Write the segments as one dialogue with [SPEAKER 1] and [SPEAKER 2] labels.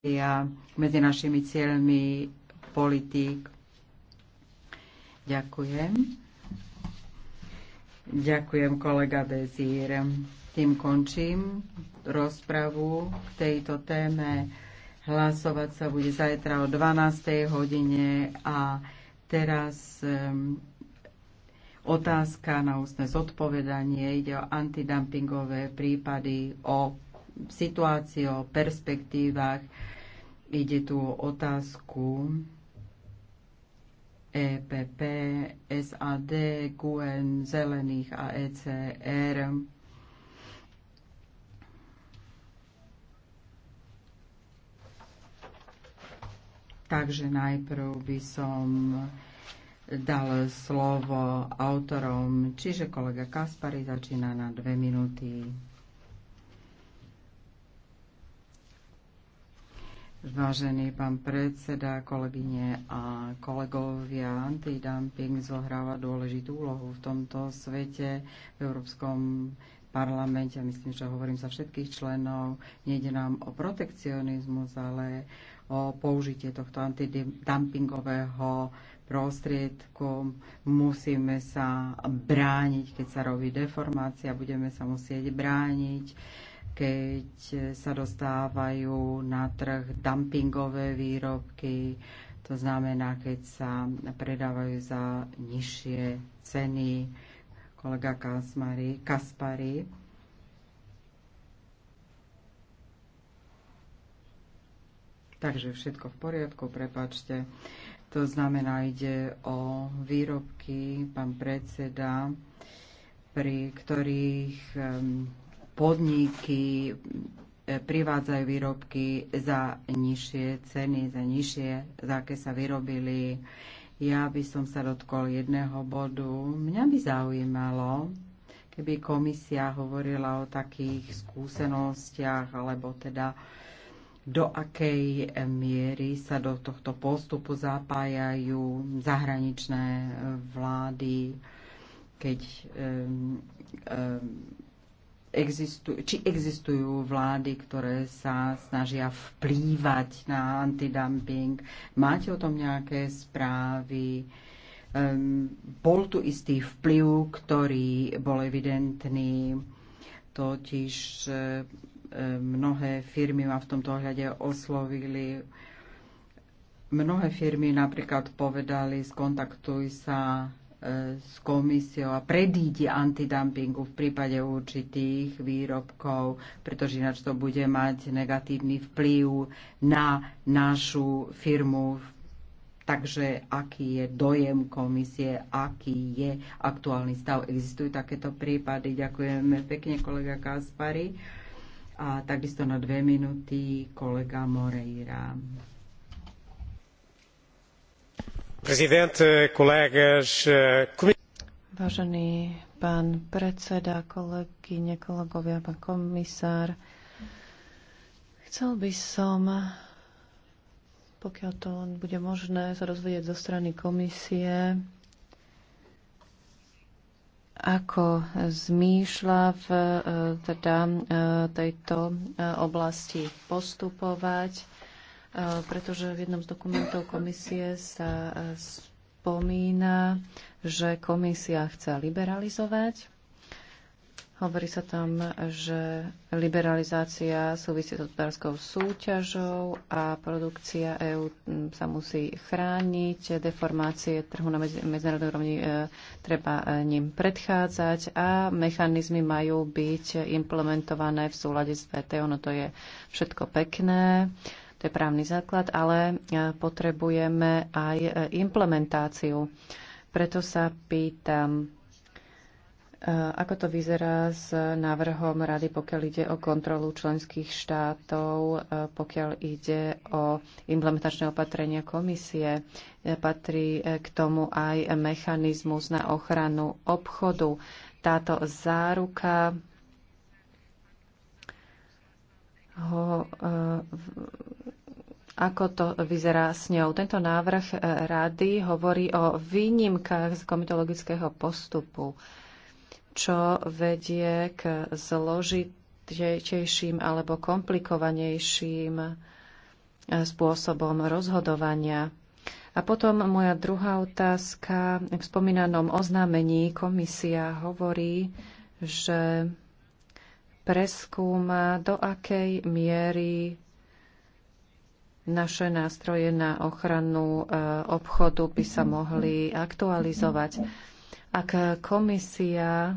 [SPEAKER 1] a medzi našimi cieľmi politík. Ďakujem. Ďakujem, kolega Dezír. Tým končím rozpravu k tejto téme. Hlasovať sa bude zajtra o 12. hodine a teraz um, otázka na ústne zodpovedanie. Ide o antidumpingové prípady, o situácii, o perspektívach. Ide tu o otázku EPP, SAD, QN, e Zelených a ECR. Takže najprv by som dal slovo autorom, čiže kolega Kaspari začína na dve minúty. Vážený pán predseda, kolegyne a kolegovia, antidumping zohráva dôležitú úlohu v tomto svete, v Európskom parlamente, a myslím, že hovorím za všetkých členov, nejde nám o protekcionizmus, ale o použitie tohto antidumpingového prostriedku, musíme sa brániť, keď sa robí deformácia, budeme sa musieť brániť keď sa dostávajú na trh dumpingové výrobky, to znamená, keď sa predávajú za nižšie ceny. Kolega Kasmari, Kaspari Takže všetko v poriadku, prepačte. To znamená, ide o výrobky, pán predseda, pri ktorých podniky e, privádzajú výrobky za nižšie ceny, za nižšie, za aké sa vyrobili. Ja by som sa dotkol jedného bodu. Mňa by zaujímalo, keby komisia hovorila o takých skúsenostiach, alebo teda do akej miery sa do tohto postupu zapájajú zahraničné vlády, keď um, um, existujú, či existujú vlády, ktoré sa snažia vplývať na antidumping. Máte o tom nejaké správy? Um, bol tu istý vplyv, ktorý bol evidentný, totiž um, mnohé firmy ma v tomto ohľade oslovili. Mnohé firmy napríklad povedali, skontaktuj sa s komisiou a predíde antidumpingu v prípade určitých výrobkov, pretože ináč to bude mať negatívny vplyv na našu firmu. Takže aký je dojem komisie, aký je aktuálny stav. Existujú takéto prípady. Ďakujeme pekne, kolega Kaspari. A takisto na dve minúty kolega Moreira.
[SPEAKER 2] Eh, eh,
[SPEAKER 3] Vážený pán predseda, kolegyne, kolegovia, pán komisár, chcel by som, pokiaľ to bude možné, sa rozvedieť zo strany komisie, ako zmýšľa v eh, teda, tejto oblasti postupovať Eh, pretože v jednom z dokumentov komisie sa eh, spomína, že komisia chce liberalizovať. Hovorí sa tam, že liberalizácia súvisí s hospodárskou súťažou a produkcia EÚ hm, sa musí chrániť. Deformácie trhu na medzinárodnej úrovni eh, treba ním predchádzať a mechanizmy majú byť implementované v súlade s VTO. No to je všetko pekné to je právny základ, ale e, potrebujeme aj e, implementáciu. Preto sa pýtam, e, ako to vyzerá s návrhom rady, pokiaľ ide o kontrolu členských štátov, pokiaľ ide o implementačné opatrenia komisie? Patrí k tomu aj mechanizmus na ochranu obchodu. Táto záruka ho ako to vyzerá s ňou. Tento návrh e, rady hovorí o výnimkách z komitologického postupu, čo vedie k zložitejším alebo komplikovanejším e, spôsobom rozhodovania. A potom moja druhá otázka. V spomínanom oznámení komisia hovorí, že preskúma, do akej miery naše nástroje na ochranu e, obchodu by sa mohli aktualizovať. Ak komisia e,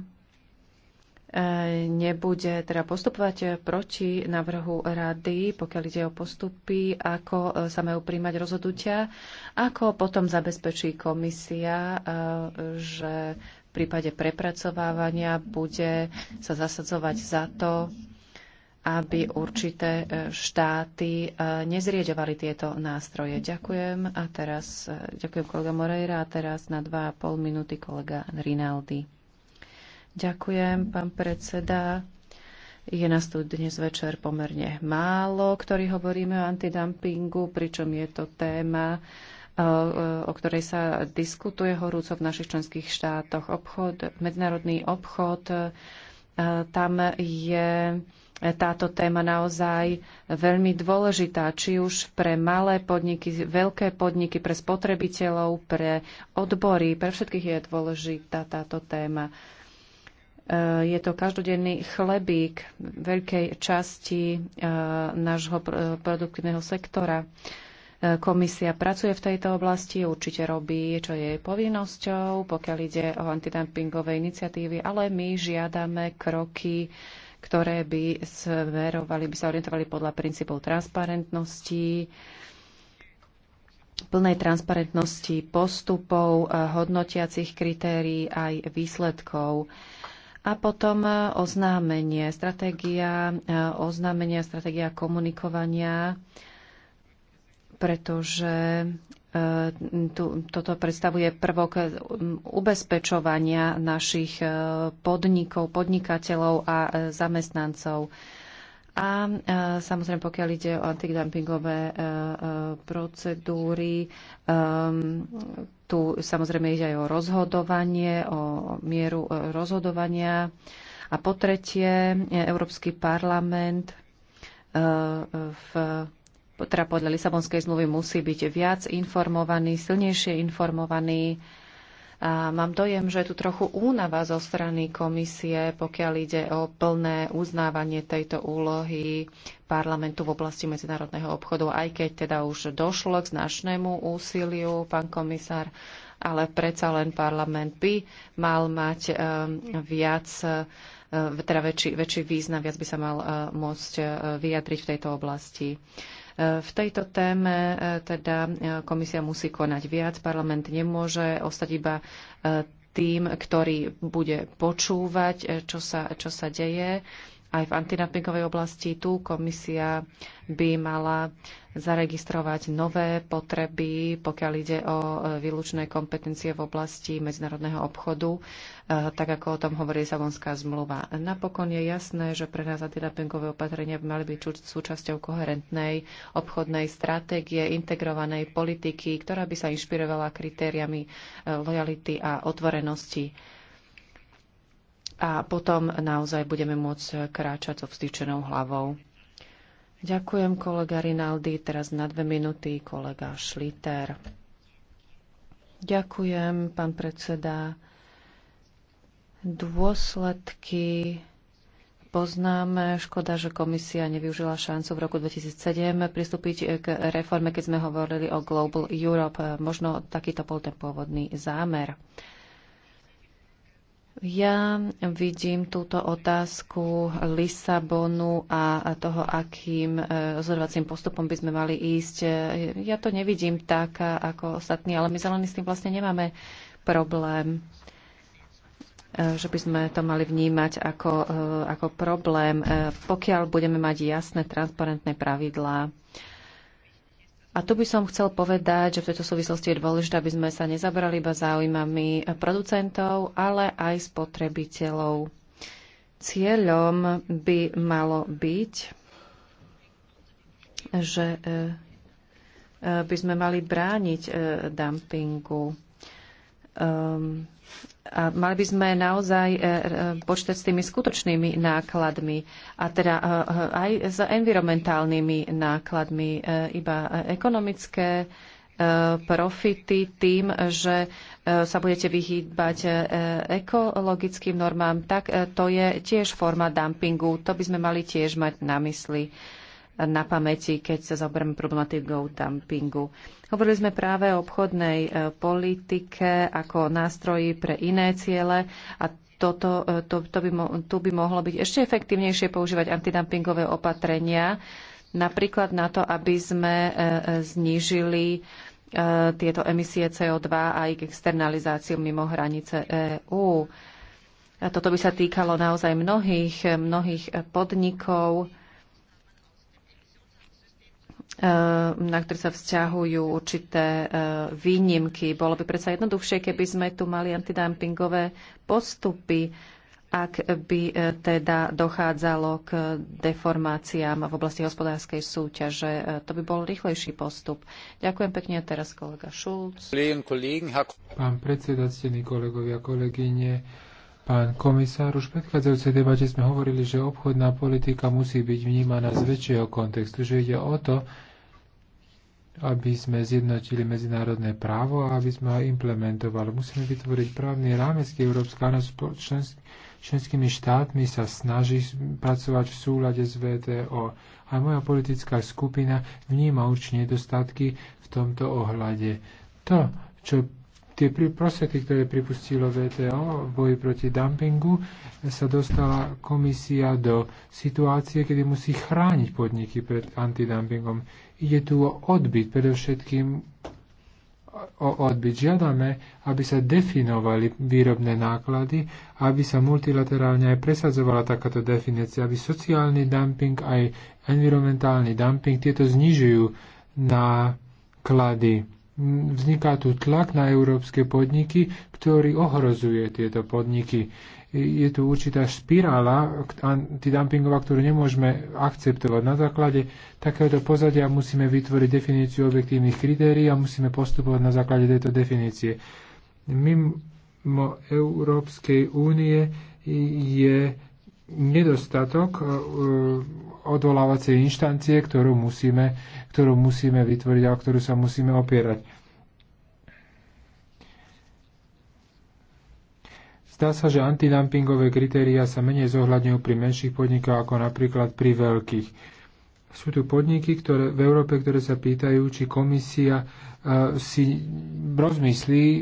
[SPEAKER 3] nebude teda postupovať proti navrhu rady, pokiaľ ide o postupy, ako e, sa majú príjmať rozhodnutia, ako potom zabezpečí komisia, že v prípade prepracovávania bude sa zasadzovať za to, aby určité e, štáty e, nezrieďovali tieto nástroje. Ďakujem a teraz, e, ďakujem kolega Moreira a teraz na 2,5 minúty kolega Rinaldi. Ďakujem, pán predseda. Je nás tu dnes večer pomerne málo, ktorí hovoríme o antidumpingu, pričom je to téma, o ktorej sa diskutuje horúco v našich členských štátoch. Obchod, medzinárodný obchod, tam je táto téma naozaj veľmi dôležitá, či už pre malé podniky, veľké podniky, pre spotrebiteľov, pre odbory, pre všetkých je dôležitá táto téma. E, je to každodenný chlebík veľkej časti e, nášho produktívneho sektora. E, komisia pracuje v tejto oblasti, určite robí, čo je jej povinnosťou, pokiaľ ide o antidumpingové iniciatívy, ale my žiadame kroky ktoré by smerovali, by sa orientovali podľa princípov transparentnosti, plnej transparentnosti postupov, eh, hodnotiacich kritérií aj výsledkov. A potom eh, oznámenie, stratégia eh, oznámenia, stratégia komunikovania, pretože toto predstavuje prvok um, ubezpečovania našich uh, podnikov, podnikateľov a uh, zamestnancov. A uh, samozrejme, pokiaľ ide o antidumpingové procedúry, um, tu samozrejme ide aj o rozhodovanie, o mieru rozhodovania. A po tretie, Európsky parlament v teda podľa Lisabonskej zmluvy musí byť viac informovaný, silnejšie informovaný. A mám dojem, že je tu trochu únava zo strany komisie, pokiaľ ide o plné uznávanie tejto úlohy parlamentu v oblasti medzinárodného obchodu, aj keď teda už došlo k značnému úsiliu, pán komisár, ale predsa len parlament by mal mať eh, viac eh, teda väčší, väčší význam, viac by sa mal eh, môcť vyjadriť v tejto oblasti. V tejto téme e, teda e, komisia musí konať viac, parlament nemôže ostať iba e, tým, ktorý bude počúvať, čo sa, čo sa deje aj v antidumpingovej oblasti. Tu komisia by mala zaregistrovať nové potreby, pokiaľ ide o e, výlučné kompetencie v oblasti medzinárodného obchodu, e, tak ako o tom hovorí Savonská zmluva. Napokon je jasné, že pre nás antidumpingové opatrenia by mali byť súčasťou koherentnej obchodnej stratégie, integrovanej politiky, ktorá by sa inšpirovala kritériami e, lojality a otvorenosti a potom naozaj budeme môcť kráčať so vstýčenou hlavou. Ďakujem kolega Rinaldi, teraz na dve minúty kolega Šliter. Ďakujem, pán predseda. Dôsledky poznáme. Škoda, že komisia nevyužila šancu v roku 2007 pristúpiť k reforme, keď sme hovorili o Global Europe. Možno takýto bol ten pôvodný zámer. Ja vidím túto otázku Lisabonu a toho, akým e, rozhodovacím postupom by sme mali ísť. E, ja to nevidím tak ako ostatní, ale my zelení s tým vlastne nemáme problém e, že by sme to mali vnímať ako, ako problém, pokiaľ budeme mať jasné, transparentné pravidlá a tu by som chcel povedať, že v tejto súvislosti je dôležité, aby sme sa nezabrali iba záujmami producentov, ale aj spotrebiteľov. Cieľom by malo byť, že eh, eh, by sme mali brániť eh, dumpingu. Um, a mali by sme naozaj e, e, počítať s tými skutočnými nákladmi a teda e, aj s environmentálnymi nákladmi, iba ekonomické profity tým, že sa budete vyhýbať ekologickým normám, tak to je tiež forma dumpingu. To by sme mali tiež mať na mysli na pamäti, keď sa zaoberáme problematikou dumpingu. Hovorili sme práve o obchodnej e, politike ako nástroji pre iné ciele a toto, e, to, to by, tu by mohlo byť ešte efektívnejšie používať antidumpingové opatrenia, napríklad na to, aby sme e, znížili tieto emisie CO2 a ich externalizáciu mimo hranice EÚ. Toto by sa týkalo naozaj mnohých, mnohých podnikov, Ehm, na ktoré sa vzťahujú určité ehm, výnimky. Bolo by predsa jednoduchšie, keby sme tu mali antidumpingové postupy, ak by e, teda dochádzalo k deformáciám v oblasti hospodárskej súťaže. E, to by bol rýchlejší postup. Ďakujem pekne teraz kolega Šulc.
[SPEAKER 2] Pán predseda, ctení kolegovia, kolegyne, Pán komisár, už v predchádzajúcej debate sme hovorili, že obchodná politika musí byť vnímaná z väčšieho kontextu, že ide o to, aby sme zjednotili medzinárodné právo a aby sme ho implementovali. Musíme vytvoriť právny rámec, keď Európska únia s členskými štátmi sa snaží pracovať v súlade s VTO. A moja politická skupina vníma určite nedostatky v tomto ohľade. To, čo tie prostriedky, ktoré pripustilo VTO v boji proti dumpingu, sa dostala komisia do situácie, kedy musí chrániť podniky pred antidumpingom. Ide tu o odbyt, predovšetkým o odbyt. Žiadame, aby sa definovali výrobné náklady, aby sa multilaterálne aj presadzovala takáto definícia, aby sociálny dumping aj environmentálny dumping tieto znižujú náklady vzniká tu tlak na európske podniky, ktorý ohrozuje tieto podniky. Je tu určitá špirála antidumpingová, ktorú nemôžeme akceptovať. Na základe takéhoto pozadia musíme vytvoriť definíciu objektívnych kritérií a musíme postupovať na základe tejto definície. Mimo Európskej únie je nedostatok eh, odvolávacej inštancie, ktorú musíme, ktorú musíme vytvoriť a ktorú sa musíme opierať. Zdá sa, že antidumpingové kritéria sa menej zohľadňujú pri menších podnikoch ako napríklad pri veľkých sú tu podniky ktoré, v Európe, ktoré sa pýtajú, či komisia uh, si rozmyslí uh,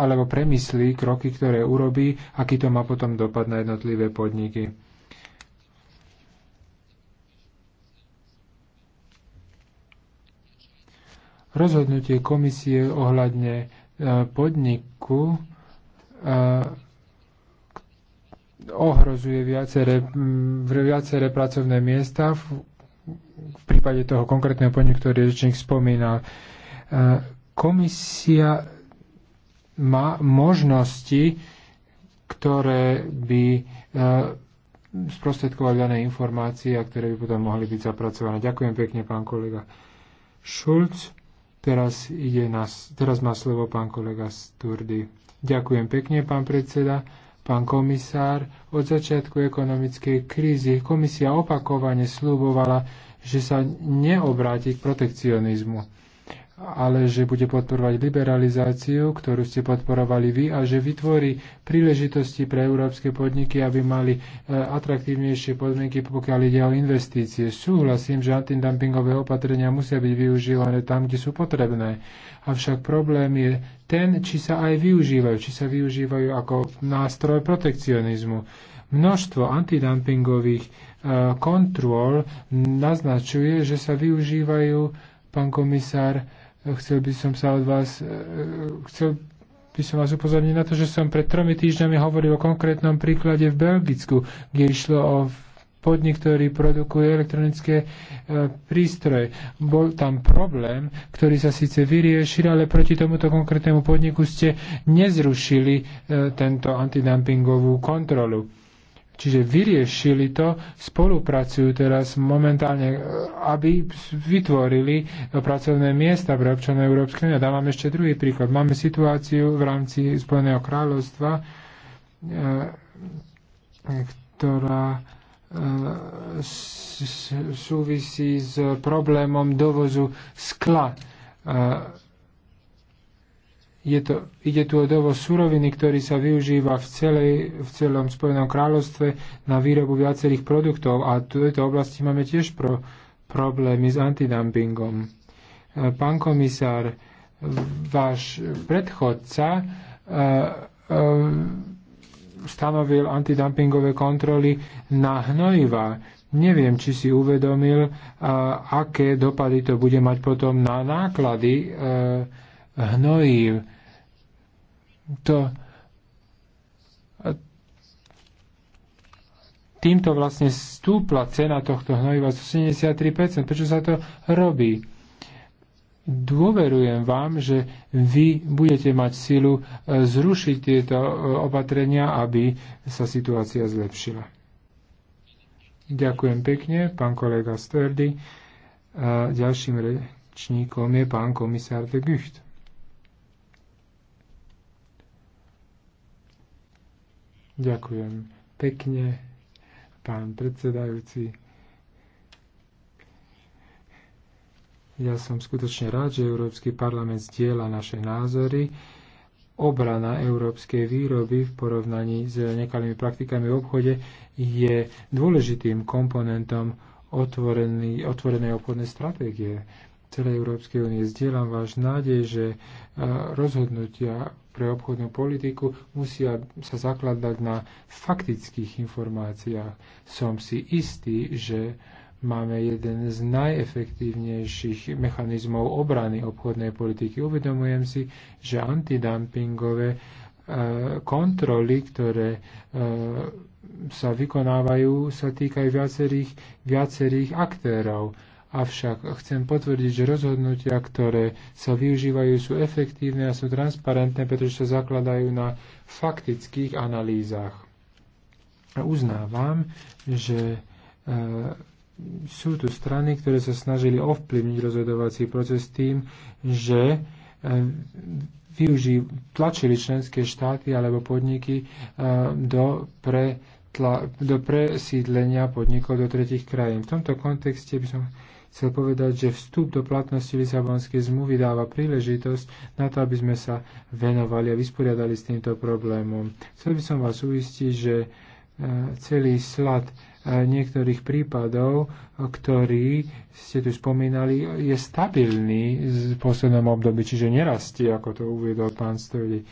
[SPEAKER 2] alebo premyslí kroky, ktoré urobí, aký to má potom dopad na jednotlivé podniky. Rozhodnutie komisie ohľadne uh, podniku uh, ohrozuje viaceré, viaceré pracovné miesta v v prípade toho konkrétneho podniku, ktorý rečník spomínal. E, komisia má možnosti, ktoré by e, sprostredkovali dané informácie a ktoré by potom mohli byť zapracované. Ďakujem pekne, pán kolega Šulc. Teraz, ide na, teraz má slovo pán kolega Sturdy. Ďakujem pekne, pán predseda. Pán komisár, od začiatku ekonomickej krízy komisia opakovane slúbovala, že sa neobráti k protekcionizmu ale že bude podporovať liberalizáciu, ktorú ste podporovali vy a že vytvorí príležitosti pre európske podniky, aby mali e, atraktívnejšie podmienky, pokiaľ ide o investície. Súhlasím, že antidumpingové opatrenia musia byť využívané tam, kde sú potrebné. Avšak problém je ten, či sa aj využívajú, či sa využívajú ako nástroj protekcionizmu. Množstvo antidumpingových e, kontrol naznačuje, že sa využívajú, pán komisár, Chcel by som sa od vás, e, e, chcel by som vás upozorniť na to, že som pred tromi týždňami hovoril o konkrétnom príklade v Belgicku, kde išlo o podnik, ktorý produkuje elektronické e, prístroje. Bol tam problém, ktorý sa síce vyriešil, ale proti tomuto konkrétnemu podniku ste nezrušili e, tento antidumpingovú kontrolu. Čiže vyriešili to, spolupracujú teraz momentálne, e, aby vytvorili pracovné miesta pre občanov Európskej únie. Dávam ešte druhý príklad. Máme situáciu v rámci Spojeného kráľovstva, e, ktorá e, súvisí s problémom dovozu skla je to, ide tu o dovoz suroviny, ktorý sa využíva v, celej, v celom Spojenom kráľovstve na výrobu viacerých produktov a tu v tejto oblasti máme tiež pro, problémy s antidumpingom. E, pán komisár, váš predchodca e, e, stanovil antidumpingové kontroly na hnojiva. Neviem, či si uvedomil, aké dopady to bude mať potom na náklady Hnojiv to týmto vlastne stúpla cena tohto hnojiva zo 73%. Prečo sa to robí? Dôverujem vám, že vy budete mať silu e, zrušiť tieto e, opatrenia, aby sa situácia zlepšila. Ďakujem pekne, pán kolega Sturdy. Ďalším rečníkom je pán komisár de Gucht. Ďakujem pekne, pán predsedajúci. Ja som skutočne rád, že Európsky parlament zdieľa naše názory. Obrana európskej výroby v porovnaní s nekalými praktikami v obchode je dôležitým komponentom otvorenej obchodnej stratégie celej Európskej únie. Zdieľam váš nádej, že e, rozhodnutia pre obchodnú politiku musia sa zakladať na faktických informáciách. Som si istý, že máme jeden z najefektívnejších mechanizmov obrany obchodnej politiky. Uvedomujem si, že antidumpingové e, kontroly, ktoré e, sa vykonávajú, sa týkajú viacerých, viacerých aktérov Avšak chcem potvrdiť, že rozhodnutia, ktoré sa využívajú, sú efektívne a sú transparentné, pretože sa zakladajú na faktických analýzach. Uznávam, že e, sú tu strany, ktoré sa snažili ovplyvniť rozhodovací proces tým, že e, využí, tlačili členské štáty alebo podniky e, do, pre, do presídlenia podnikov do tretich krajín. V tomto kontexte by som Chcel povedať, že vstup do platnosti Lisabonskej zmluvy dáva príležitosť na to, aby sme sa venovali a vysporiadali s týmto problémom. Chcel by som vás uistiť, že e, celý slad e, niektorých prípadov, e, ktorý ste tu spomínali, je stabilný v poslednom období, čiže nerastie, ako to uviedol pán stoli.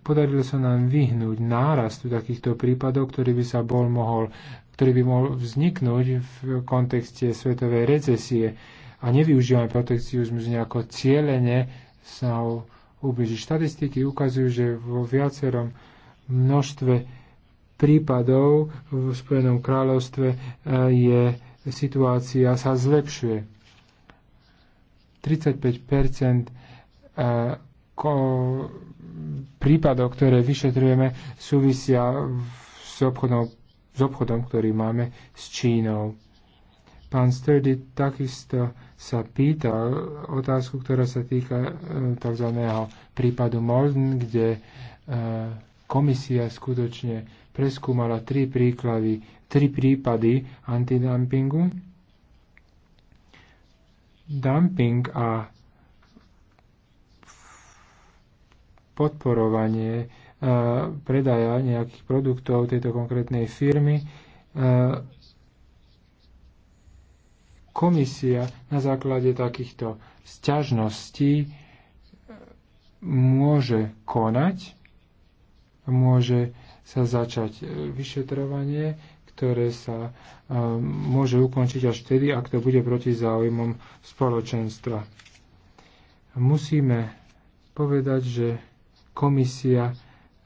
[SPEAKER 2] Podarilo sa nám vyhnúť nárastu takýchto prípadov, ktorý by sa bol mohol ktorý by mohol vzniknúť v kontexte svetovej recesie a nevyužívame z nejako cieľene sa ho ubližiť. Štatistiky ukazujú, že vo viacerom množstve prípadov v Spojenom kráľovstve e, je situácia sa zlepšuje. 35 e, prípadov, ktoré vyšetrujeme, súvisia s obchodnou s obchodom, ktorý máme s Čínou. Pán Sturdy takisto sa pýtal otázku, ktorá sa týka e, tzv. prípadu Molden, kde e, komisia skutočne preskúmala tri príklady, tri prípady antidumpingu. Dumping a podporovanie predaja nejakých produktov tejto konkrétnej firmy, komisia na základe takýchto sťažností môže konať, môže sa začať e, vyšetrovanie, ktoré sa e, môže ukončiť až vtedy, ak to bude proti záujmom spoločenstva. Musíme povedať, že komisia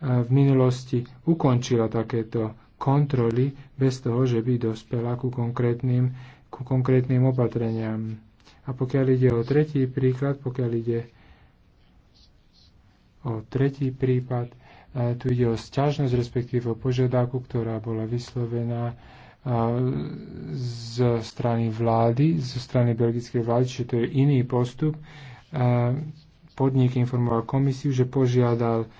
[SPEAKER 2] v minulosti ukončila takéto kontroly bez toho, že by dospela ku konkrétnym, ku konkrétnym opatreniam. A pokiaľ ide o tretí príklad, pokiaľ ide o tretí prípad, tu ide o sťažnosť, respektíve o požiadavku, ktorá bola vyslovená zo strany vlády, zo strany belgickej vlády, čiže to je iný postup. Podnik informoval komisiu, že požiadal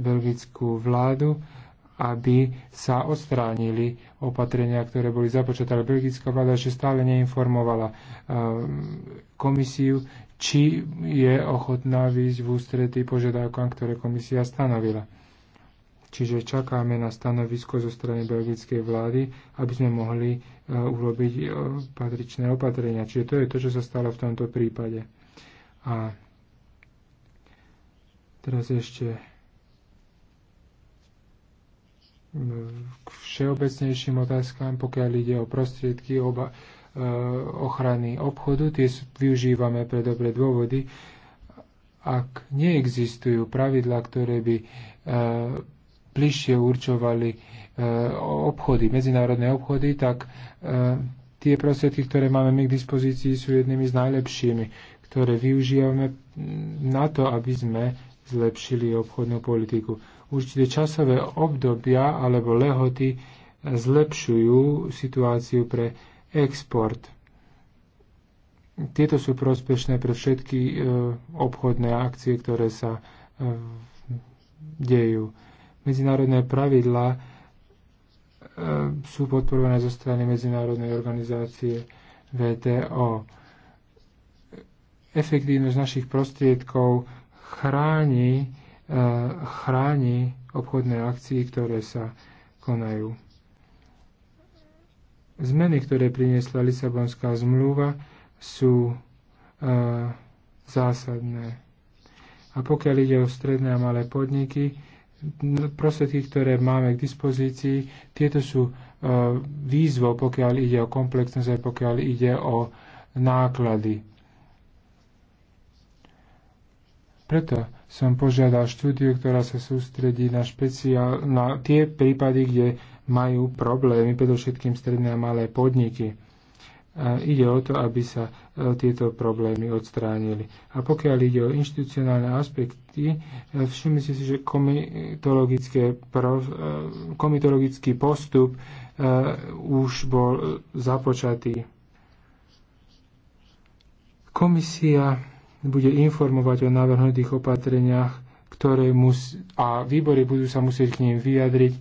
[SPEAKER 2] belgickú vládu, aby sa odstránili opatrenia, ktoré boli započaté. Ale belgická vláda ešte stále neinformovala komisiu, či je ochotná výjsť v ústretí požiadavkám, ktoré komisia stanovila. Čiže čakáme na stanovisko zo strany belgickej vlády, aby sme mohli e, urobiť e, patričné opatrenia. Čiže to je to, čo sa stalo v tomto prípade. A teraz ešte k všeobecnejším otázkám, pokiaľ ide o prostriedky oba, e, ochrany obchodu, tie využívame pre dobre dôvody. Ak neexistujú pravidlá, ktoré by e, bližšie určovali e, obchody, medzinárodné obchody, tak tie prostriedky, ktoré máme my k dispozícii, sú jednými z najlepšími, ktoré využívame na to, aby sme zlepšili obchodnú politiku určité časové obdobia alebo lehoty zlepšujú situáciu pre export. Tieto sú prospešné pre všetky e, obchodné akcie, ktoré sa e, dejú. Medzinárodné pravidlá e, sú podporované zo strany Medzinárodnej organizácie VTO. Efektívnosť našich prostriedkov chráni chráni obchodné akcie, ktoré sa konajú. Zmeny, ktoré priniesla Lisabonská zmluva, sú e, zásadné. A pokiaľ ide o stredné a malé podniky, no, prostriedky, ktoré máme k dispozícii, tieto sú e, výzvo, pokiaľ ide o komplexnosť a pokiaľ ide o náklady. Preto som požiadal štúdiu, ktorá sa sústredí na, špeciál, na tie prípady, kde majú problémy, predovšetkým stredné a malé podniky. A ide o to, aby sa e, tieto problémy odstránili. A pokiaľ ide o inštitucionálne aspekty, e, všimli si, že e, komitologický postup už bol započatý. Komisia bude informovať o navrhnutých opatreniach, ktoré mus- a výbory budú sa musieť k ním vyjadriť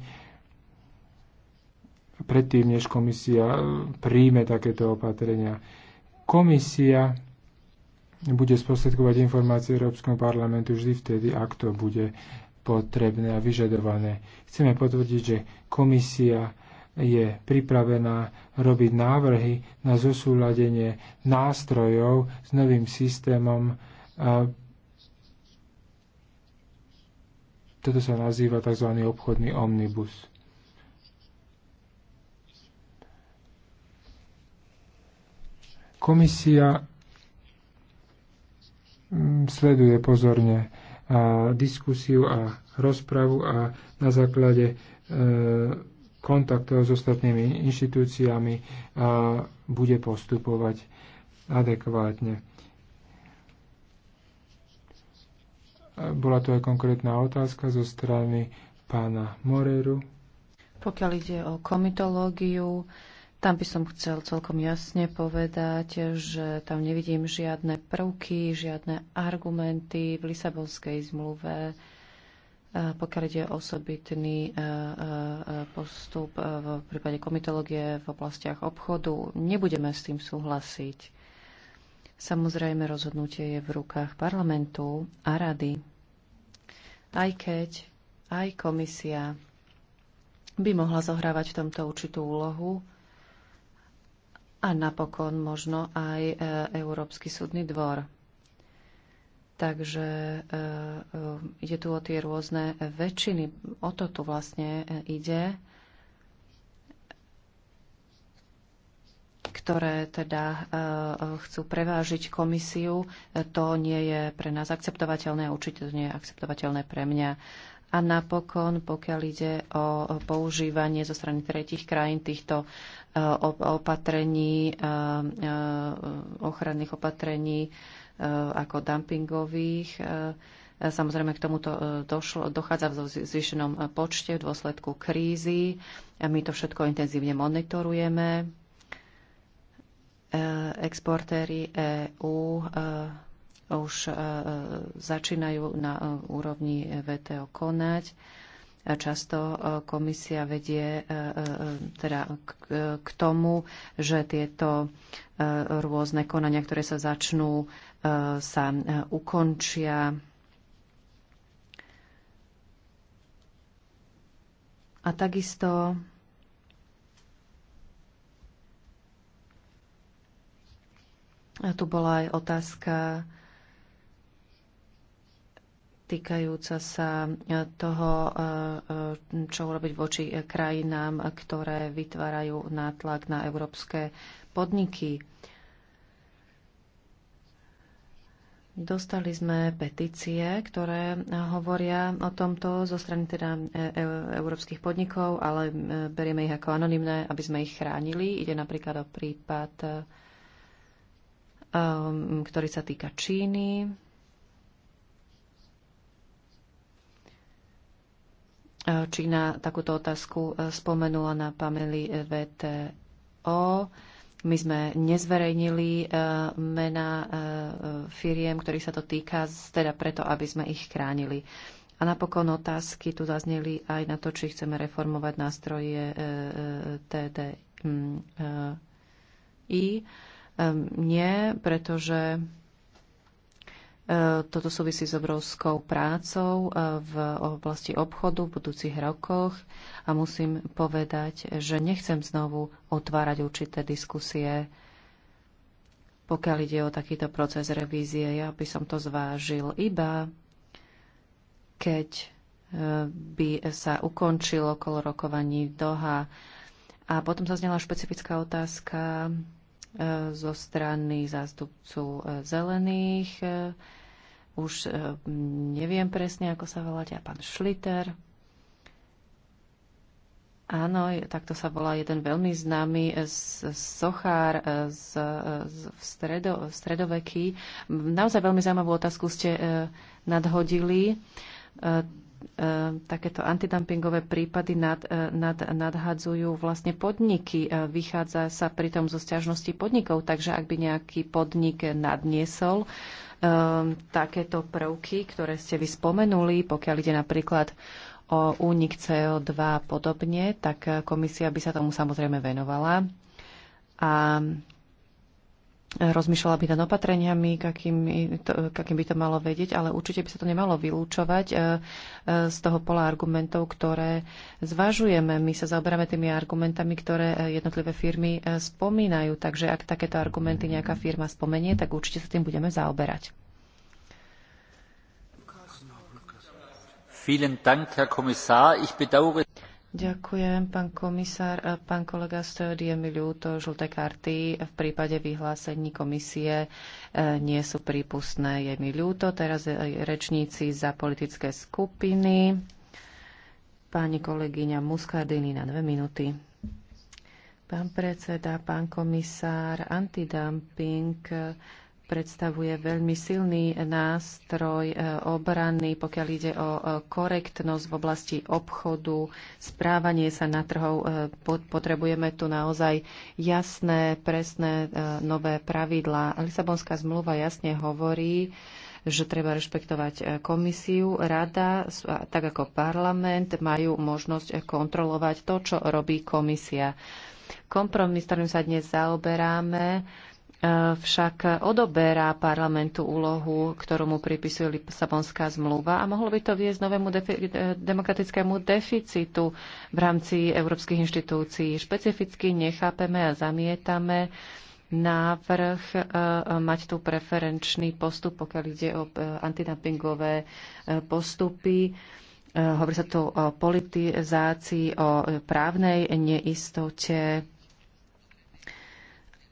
[SPEAKER 2] predtým, než komisia e, príjme takéto opatrenia. Komisia bude sposledkovať informácie Európskom parlamentu vždy vtedy, ak to bude potrebné a vyžadované. Chceme potvrdiť, že komisia je pripravená robiť návrhy na zosúladenie nástrojov s novým systémom. Toto sa nazýva tzv. obchodný omnibus. Komisia mm, sleduje pozorne diskusiu a rozpravu a na základe e, kontaktov s ostatnými inštitúciami a bude postupovať adekvátne. Bola to aj konkrétna otázka zo strany pána Moreru.
[SPEAKER 3] Pokiaľ ide o komitológiu, tam by som chcel celkom jasne povedať, že tam nevidím žiadne prvky, žiadne argumenty v Lisabonskej zmluve, Eh, pokiaľ ide o osobitný eh, eh, postup v prípade komitológie v oblastiach obchodu. Nebudeme s tým súhlasiť. Samozrejme, rozhodnutie je v rukách parlamentu a rady. Aj keď aj komisia by mohla zohrávať v tomto určitú úlohu a napokon možno aj Európsky súdny dvor. Takže Ide tu o tie rôzne väčšiny. O to tu vlastne ide. ktoré teda eh, chcú prevážiť komisiu, to nie je pre nás akceptovateľné, určite to nie je akceptovateľné pre mňa. A napokon, pokiaľ ide o používanie zo strany tretich krajín týchto eh, opatrení, eh, ochranných opatrení ako dumpingových, Samozrejme, k tomuto e, došlo, dochádza v zvýšenom e, počte v dôsledku krízy. My to všetko intenzívne monitorujeme. E, exportéry EÚ už začínajú na úrovni VTO konať. Často komisia vedie teda k tomu, že tieto rôzne konania, ktoré sa začnú, sa ukončia A takisto A tu bola aj otázka týkajúca sa toho, čo urobiť voči krajinám, ktoré vytvárajú nátlak na európske podniky. Dostali sme petície, ktoré hovoria o tomto zo strany teda e, e, európskych podnikov, ale e, berieme ich ako anonimné, aby sme ich chránili. Ide napríklad o prípad, um, ktorý sa týka Číny. Čína takúto otázku spomenula na pameli VTO. My sme nezverejnili e, mena e, e, firiem, ktorých sa to týka, teda preto, aby sme ich chránili. A napokon otázky tu zazneli aj na to, či chceme reformovať nástroje TDI. Nie, pretože toto súvisí s obrovskou prácou e, v oblasti obchodu v budúcich rokoch a musím povedať, že nechcem znovu otvárať určité diskusie, pokiaľ ide o takýto proces revízie. Ja by som to zvážil iba, keď e, by sa ukončilo okolo rokovaní Doha. A potom sa znela špecifická otázka e, zo strany zástupcu zelených už e, neviem presne, ako sa voláte, a pán Šliter. Áno, takto sa volá jeden veľmi známy e, sochár e, z, z, v, stredo, v stredoveky. Naozaj veľmi zaujímavú otázku ste nadhodili takéto antidumpingové prípady nad, nad, nadhadzujú vlastne podniky. Vychádza sa pritom zo stiažnosti podnikov, takže ak by nejaký podnik nadniesol Ehm, takéto prvky, ktoré ste vy spomenuli, pokiaľ ide napríklad o únik CO2 a podobne, tak eh, komisia by sa tomu samozrejme venovala. A rozmýšľala by nad opatreniami, akým, to, akým by to malo vedieť, ale určite by sa to nemalo vylúčovať e, e, z toho pola argumentov, ktoré zvažujeme. My sa zaoberáme tými argumentami, ktoré e, jednotlivé firmy spomínajú, takže ak takéto argumenty nejaká firma spomenie, tak určite sa tým budeme zaoberať.
[SPEAKER 2] Vielen Dank, Herr Kommissar. Ich bedauere
[SPEAKER 3] Ďakujem, pán komisár. E, pán kolega Stojody, je mi ľúto, žlté karty v prípade vyhlásení komisie e, nie sú prípustné. Je mi ľúto. Teraz e, rečníci za politické skupiny. Pani kolegyňa Muskardini na dve minúty. Pán predseda, pán komisár, antidumping predstavuje veľmi silný nástroj e, obrany, pokiaľ ide o e, korektnosť v oblasti obchodu, správanie sa na trhov. E, potrebujeme tu naozaj jasné, presné nové pravidlá. Lisabonská zmluva jasne hovorí, že treba rešpektovať komisiu, rada, tak ako parlament, majú možnosť kontrolovať to, čo robí komisia. Kompromis, ktorým sa dnes zaoberáme, E, však odoberá parlamentu úlohu, ktorú mu pripisuje Lisabonská zmluva a mohlo by to viesť novému defi- e, demokratickému deficitu v rámci európskych inštitúcií. Špecificky nechápeme a zamietame návrh e, mať tu preferenčný postup, pokiaľ ide o antidumpingové postupy. Hovorí sa tu o politizácii, o právnej neistote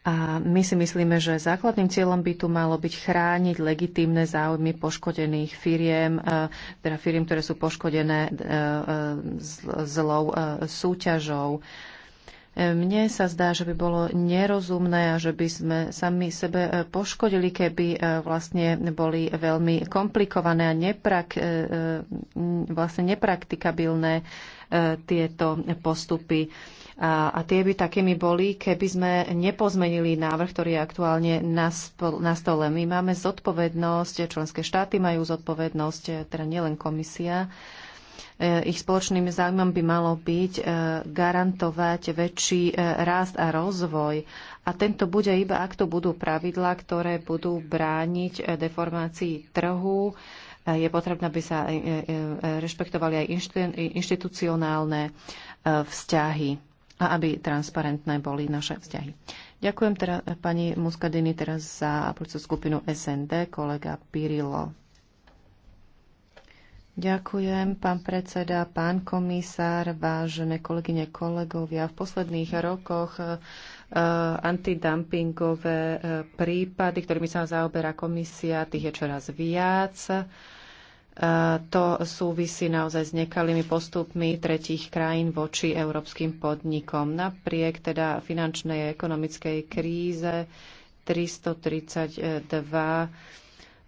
[SPEAKER 3] a my si myslíme, že základným cieľom by tu malo byť chrániť legitímne záujmy poškodených firiem, e, teda firiem, ktoré sú poškodené e, e, zlou súťažou. Mne sa zdá, že by bolo nerozumné a že by sme sami sebe poškodili, keby vlastne boli veľmi komplikované a neprak, vlastne nepraktikabilné tieto postupy. A, a tie by takými boli, keby sme nepozmenili návrh, ktorý je aktuálne na, na stole. My máme zodpovednosť, členské štáty majú zodpovednosť, teda nielen komisia. E, ich spoločným záujmom by malo byť e, garantovať väčší e, rast a rozvoj. A tento bude iba, ak to budú pravidlá, ktoré budú brániť deformácii trhu, je potrebné, aby sa rešpektovali aj inštitucionálne vzťahy a aby transparentné boli naše vzťahy. Ďakujem teda eh, pani Muscadini teraz za politickú skupinu SND, kolega Pirilo. Ďakujem, pán predseda, pán komisár, vážené kolegyne, kolegovia. V posledných rokoch eh, eh, antidumpingové prípady, ktorými sa zaoberá komisia, tých je čoraz viac to súvisí naozaj s nekalými postupmi tretích krajín voči európskym podnikom. Napriek teda finančnej a ekonomickej kríze 332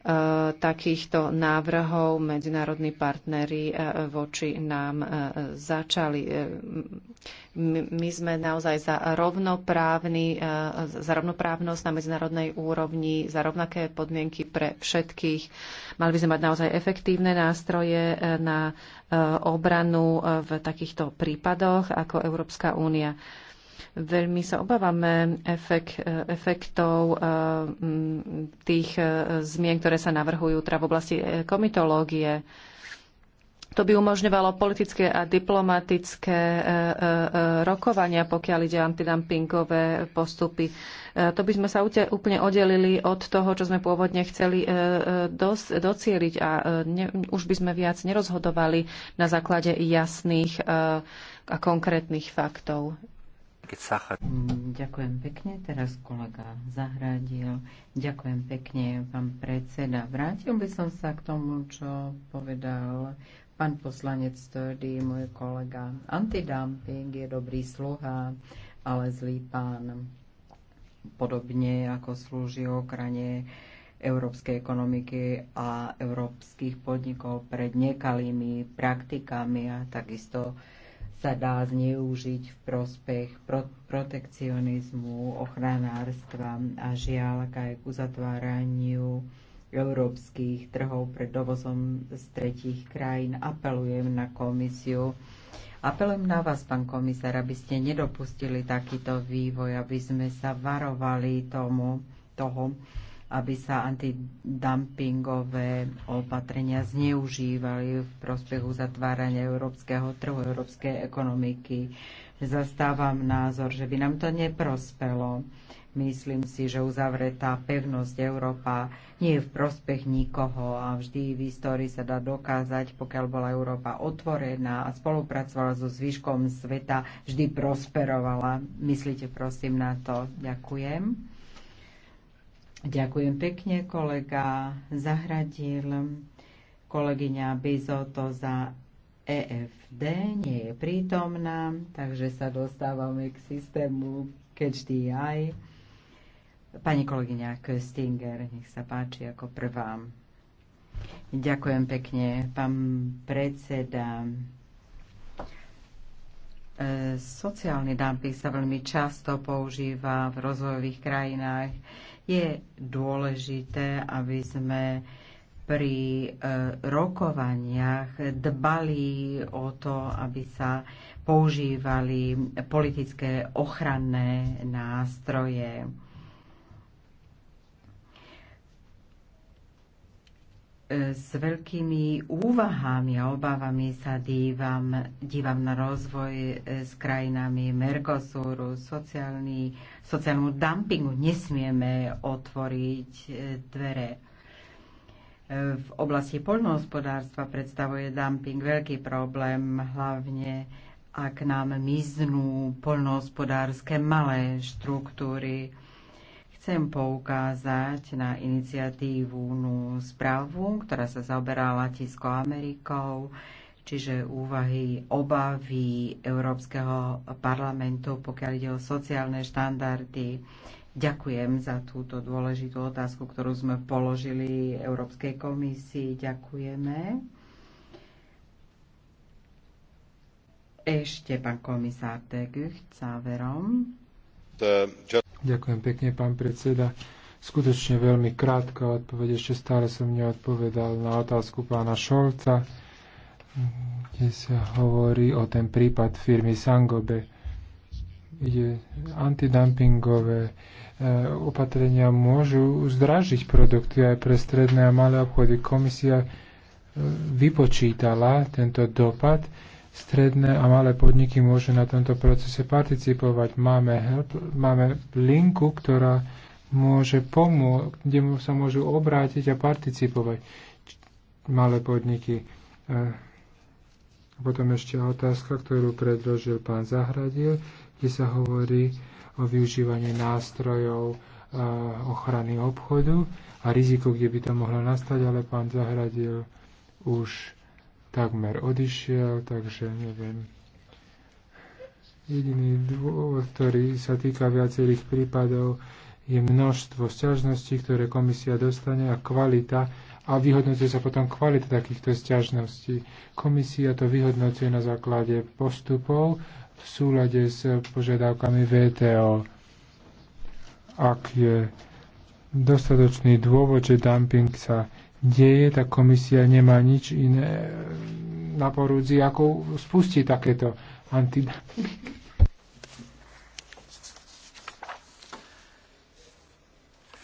[SPEAKER 3] Eh, takýchto návrhov medzinárodní partnery eh, voči nám eh, začali. My sme naozaj za, rovnoprávny, za rovnoprávnosť na medzinárodnej úrovni, za rovnaké podmienky pre všetkých. Mali by sme mať naozaj efektívne nástroje na obranu v takýchto prípadoch ako Európska únia. Veľmi sa obávame efek, efektov eh, mm, tých eh, zmien, ktoré sa navrhujú teda v oblasti eh, komitológie. To by umožňovalo politické a diplomatické rokovania, pokiaľ ide antidumpingové postupy. To by sme sa úplne oddelili od toho, čo sme pôvodne chceli docieliť a ne, už by sme viac nerozhodovali na základe jasných a konkrétnych faktov.
[SPEAKER 1] Ďakujem pekne, teraz kolega Zahradil. Ďakujem pekne, pán predseda. Vrátil by som sa k tomu, čo povedal pán poslanec Tordy, môj kolega. Antidumping je dobrý sluha, ale zlý pán. Podobne ako slúži okrane európskej ekonomiky a európskych podnikov pred nekalými praktikami a takisto sa dá zneužiť v prospech protekcionizmu, ochranárstva a žiaľ aj k uzatváraniu európskych trhov pred dovozom z tretích krajín. Apelujem na komisiu. Apelujem na vás, pán komisár, aby ste nedopustili takýto vývoj, aby sme sa varovali tomu, toho, aby sa antidumpingové opatrenia zneužívali v prospechu zatvárania európskeho trhu, európskej ekonomiky. Zastávam názor, že by nám to neprospelo. Myslím si, že uzavretá pevnosť Európa nie je v prospech nikoho a vždy v histórii sa dá dokázať, pokiaľ bola Európa otvorená a spolupracovala so zvyškom sveta, vždy prosperovala. Myslíte prosím na to. Ďakujem. Ďakujem pekne, kolega Zahradil, kolegyňa Bizoto za EFD nie je prítomná, takže sa dostávame k systému CatchDI. Pani kolegyňa Köstinger, nech sa páči ako prvá. Ďakujem pekne, pán predseda. E, sociálny dumping sa veľmi často používa v rozvojových krajinách. Je dôležité, aby sme pri e, rokovaniach dbali o to, aby sa používali politické ochranné nástroje s veľkými úvahami a obávami sa dívam, dívam na rozvoj e, s krajinami Mercosuru, sociálny, sociálnu dumpingu. Nesmieme otvoriť e, dvere. E, v oblasti poľnohospodárstva predstavuje dumping veľký problém, hlavne ak nám miznú poľnohospodárske malé štruktúry Chcem poukázať na iniciatívnu správu, ktorá sa zaoberá Latinskou Amerikou, čiže úvahy, obavy Európskeho parlamentu, pokiaľ ide o sociálne štandardy. Ďakujem za túto dôležitú otázku, ktorú sme položili Európskej komisii. Ďakujeme. Ešte pán komisár Teguch záverom.
[SPEAKER 2] Ďakujem pekne, pán predseda. Skutočne veľmi krátka odpoveď, ešte stále som neodpovedal na otázku pána Šolca, kde sa hovorí o ten prípad firmy Sangobe. Ide antidumpingové e, opatrenia môžu zdražiť produkty aj pre stredné a malé obchody. Komisia e, vypočítala tento dopad stredné a malé podniky môžu na tomto procese participovať. Máme, help, máme linku, ktorá môže pomôcť, kde sa môžu obrátiť a participovať malé podniky. E, a potom ešte otázka, ktorú predložil pán Zahradil, kde sa hovorí o využívaní nástrojov e, ochrany obchodu a riziko, kde by to mohlo nastať, ale pán Zahradil už takmer odišiel, takže neviem. Jediný dôvod, ktorý sa týka viacerých prípadov, je množstvo sťažností, ktoré komisia dostane a kvalita a vyhodnocuje sa potom kvalita takýchto sťažností. Komisia to vyhodnocuje na základe postupov v súlade s požiadavkami VTO. Ak je dostatočný dôvod, že dumping sa deje, tak komisia nemá nič iné na porúdzi, ako spustiť takéto antidumping.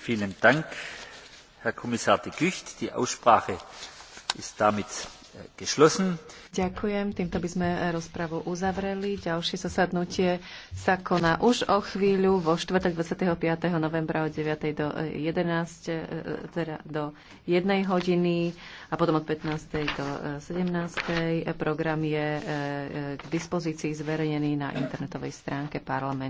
[SPEAKER 2] Vielen Dank, Herr Kommissar de Gucht. Die Aussprache ist damit äh, geschlossen.
[SPEAKER 3] Ďakujem. Týmto by sme rozpravu uzavreli. Ďalšie zasadnutie sa koná už o chvíľu vo štvrtok 25. novembra od 9. do 11. Eh, eh, teda do 1. hodiny a potom od 15. do 17. Eh, Program je k dispozícii zverejnený na internetovej stránke parlamentu.